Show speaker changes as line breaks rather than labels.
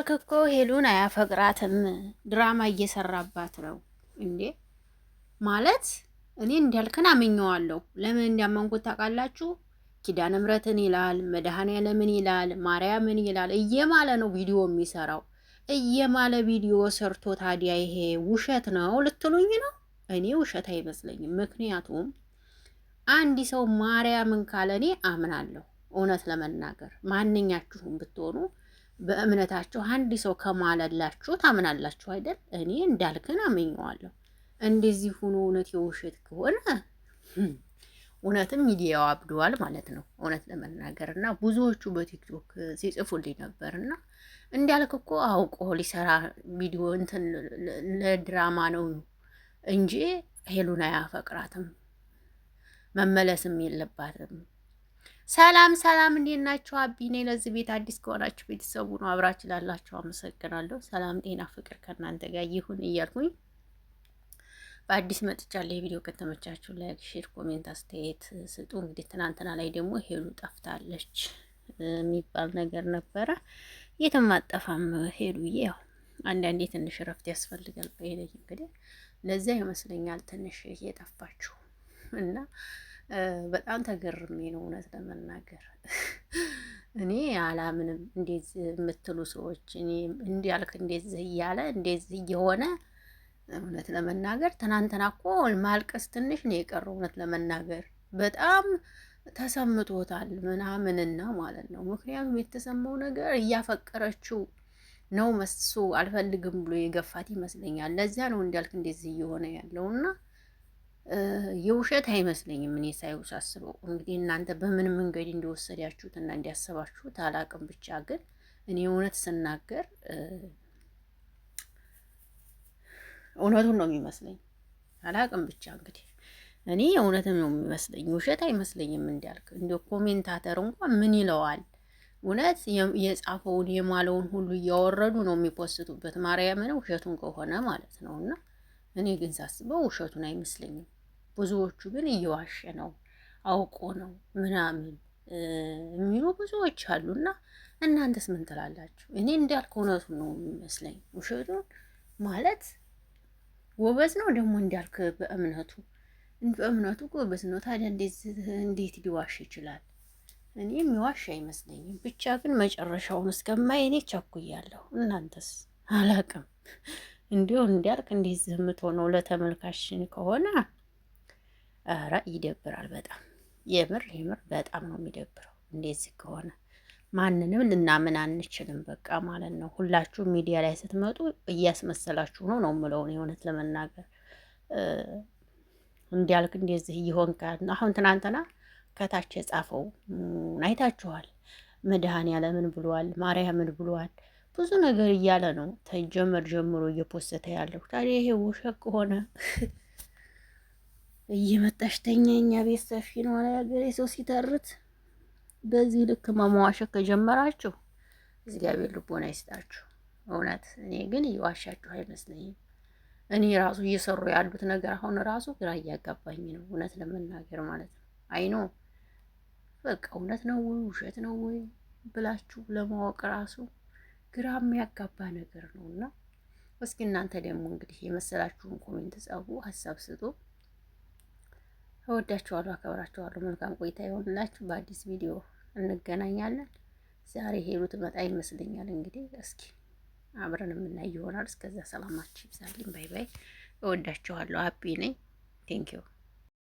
ባልክ እኮ ሄሉን አያፈቅራትም፣ ድራማ እየሰራባት ነው እንዴ ማለት እኔ እንዳልክን አምኘዋለሁ። ለምን እንዳመንኩት ታውቃላችሁ? ኪዳነ ምሕረትን ይላል፣ መድኃኔዓለምን ይላል፣ ማርያምን ይላል እየማለ ነው ቪዲዮ የሚሰራው። እየማለ ቪዲዮ ሰርቶ ታዲያ ይሄ ውሸት ነው ልትሉኝ ነው? እኔ ውሸት አይመስለኝም። ምክንያቱም አንድ ሰው ማርያምን ካለ እኔ አምናለሁ። እውነት ለመናገር ማንኛችሁም ብትሆኑ በእምነታችሁ አንድ ሰው ከማለላችሁ ታምናላችሁ አይደል? እኔ እንዳልክን አመኘዋለሁ። እንደዚህ ሆኖ እውነት የውሸት ከሆነ እውነትም ሚዲያው አብደዋል ማለት ነው። እውነት ለመናገር እና ብዙዎቹ በቲክቶክ ሲጽፉልኝ ነበር እና እንዳልክ እኮ አውቆ ሊሰራ ቪዲዮ እንትን ለድራማ ነው እንጂ ሄሉን አያፈቅራትም መመለስም የለባትም ሰላም ሰላም፣ እንዴት ናችሁ? አቢ ነኝ። ለዚህ ቤት አዲስ ከሆናችሁ ቤተሰቡ ነው አብራችሁ ላላችሁ አመሰግናለሁ። ሰላም፣ ጤና፣ ፍቅር ከእናንተ ጋር ይሁን እያልኩኝ በአዲስ መጥቻለሁ። የቪዲዮ ከተመቻችሁ ላይክ፣ ሼር፣ ኮሜንት አስተያየት ስጡ። እንግዲህ ትናንትና ላይ ደግሞ ሄሉ ጠፍታለች የሚባል ነገር ነበረ። የትም አጠፋም ሄሉዬ፣ ያው አንዳንዴ ትንሽ እረፍት ያስፈልጋል። በሄደች እንግዲህ ለዚያ ይመስለኛል ትንሽ እየጠፋችሁ እና በጣም ተገርሜ ነው እውነት ለመናገር እኔ አላምንም። እንዴት የምትሉ ሰዎች እኔ እንዲያልክ እንደዚህ እያለ እንደዚህ እየሆነ እውነት ለመናገር ትናንትና እኮ ማልቀስ ትንሽ ነው የቀረው። እውነት ለመናገር በጣም ተሰምቶታል ምናምንና ማለት ነው። ምክንያቱም የተሰማው ነገር እያፈቀረችው ነው መሱ አልፈልግም ብሎ የገፋት ይመስለኛል። ለዚያ ነው እንዲያልክ እንደዚህ እየሆነ ያለውና የውሸት አይመስለኝም። እኔ ሳይው ሳስበው እንግዲህ እናንተ በምን መንገድ እና እንዲያሰባችሁት አላቅም። ብቻ ግን እኔ እውነት ስናገር እውነቱን ነው የሚመስለኝ። አላቅም ብቻ እንግዲህ እኔ እውነትም ነው የሚመስለኝ፣ ውሸት አይመስለኝም። እንዲያልክ እንደ ኮሜንታተር እንኳን ምን ይለዋል እውነት የጻፈውን የማለውን ሁሉ እያወረዱ ነው የሚፖስቱበት ማርያምን ውሸቱን ከሆነ ማለት ነው እና እኔ ግን ሳስበው ውሸቱን አይመስለኝም። ብዙዎቹ ግን እየዋሸ ነው አውቆ ነው ምናምን የሚሉ ብዙዎች አሉና እናንተስ ምን ትላላችሁ? እኔ እንዳልክ እውነቱ ነው የሚመስለኝ። ውሸቱን ማለት ጎበዝ ነው ደግሞ እንዳልክ በእምነቱ በእምነቱ ጎበዝ ነው። ታዲያ እንዴት ሊዋሽ ይችላል? እኔ የሚዋሽ አይመስለኝም። ብቻ ግን መጨረሻውን እስከማይ እኔ ቸኩያለሁ። እናንተስ አላቅም። እንዲሁ እንዲያልቅ እንዲህ ነው ለተመልካችን ከሆነ ኧረ ይደብራል። በጣም የምር የምር በጣም ነው የሚደብረው። እንደዚህ ከሆነ ማንንም ልናምን አንችልም፣ በቃ ማለት ነው። ሁላችሁ ሚዲያ ላይ ስትመጡ እያስመሰላችሁ ነው ነው የምለውን የእውነት ለመናገር እንዲያልክ እንደዚህ እየሆን አሁን ትናንትና ከታች የጻፈው አይታችኋል። መድኃኔዓለምን ብሏል፣ ማርያምን ብሏል። ብዙ ነገር እያለ ነው ተጀመር ጀምሮ እየፖሰተ ያለው። ታዲያ ይሄ ውሸት ከሆነ እየመጣሽ ተኛ እኛ ቤት ሰፊ ነው ያገሬ ሰው ሲተርት በዚህ ልክ መሟዋሸት ከጀመራችሁ እግዚአብሔር ልቦን አይስጣችሁ። እውነት እኔ ግን እየዋሻችሁ አይመስለኝም። እኔ ራሱ እየሰሩ ያሉት ነገር አሁን ራሱ ግራ እያጋባኝ ነው፣ እውነት ለመናገር ማለት ነው። አይኖ በቃ እውነት ነው ወይ ውሸት ነው ወይ ብላችሁ ለማወቅ ራሱ ግራ የሚያጋባ ነገር ነው እና እስኪ እናንተ ደግሞ እንግዲህ የመሰላችሁን ኮሜንት ጻፉ፣ ሀሳብ ስጡ። እወዳችኋለሁ፣ አከብራችኋለሁ። መልካም ቆይታ ይሆንላችሁ። በአዲስ ቪዲዮ እንገናኛለን። ዛሬ ሄሉ ትመጣ ይመስለኛል። እንግዲህ እስኪ አብረን የምናይ ይሆናል። እስከዛ ሰላማችሁ ይብዛልኝ። ባይ ባይ። እወዳችኋለሁ። ሀፒ ነኝ። ቴንኪዩ